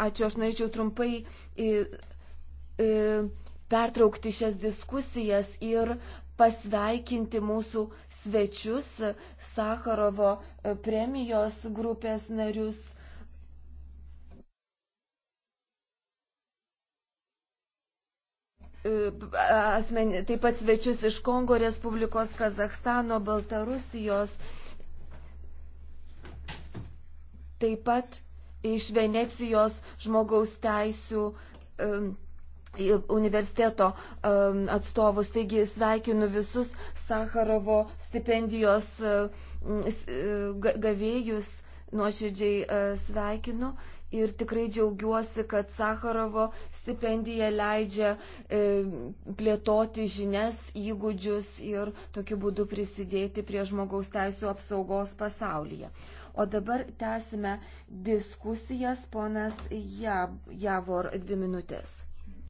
Ačiū, aš norėčiau trumpai i, i, pertraukti šias diskusijas ir pasveikinti mūsų svečius, Sakarovo e, premijos grupės narius. E, asmeni, taip pat svečius iš Kongo Respublikos, Kazakstano, Baltarusijos. Taip pat iš Venecijos žmogaus teisų universiteto atstovus. Taigi sveikinu visus Sakarovo stipendijos e, gavėjus nuoširdžiai e, sveikinu ir tikrai džiaugiuosi, kad Sakarovo stipendija leidžia e, plėtoti žinias, įgūdžius ir tokiu būdu prisidėti prie žmogaus teisų apsaugos pasaulyje. O dabar tęsime diskusijas, ponas Javor, dvi minutės.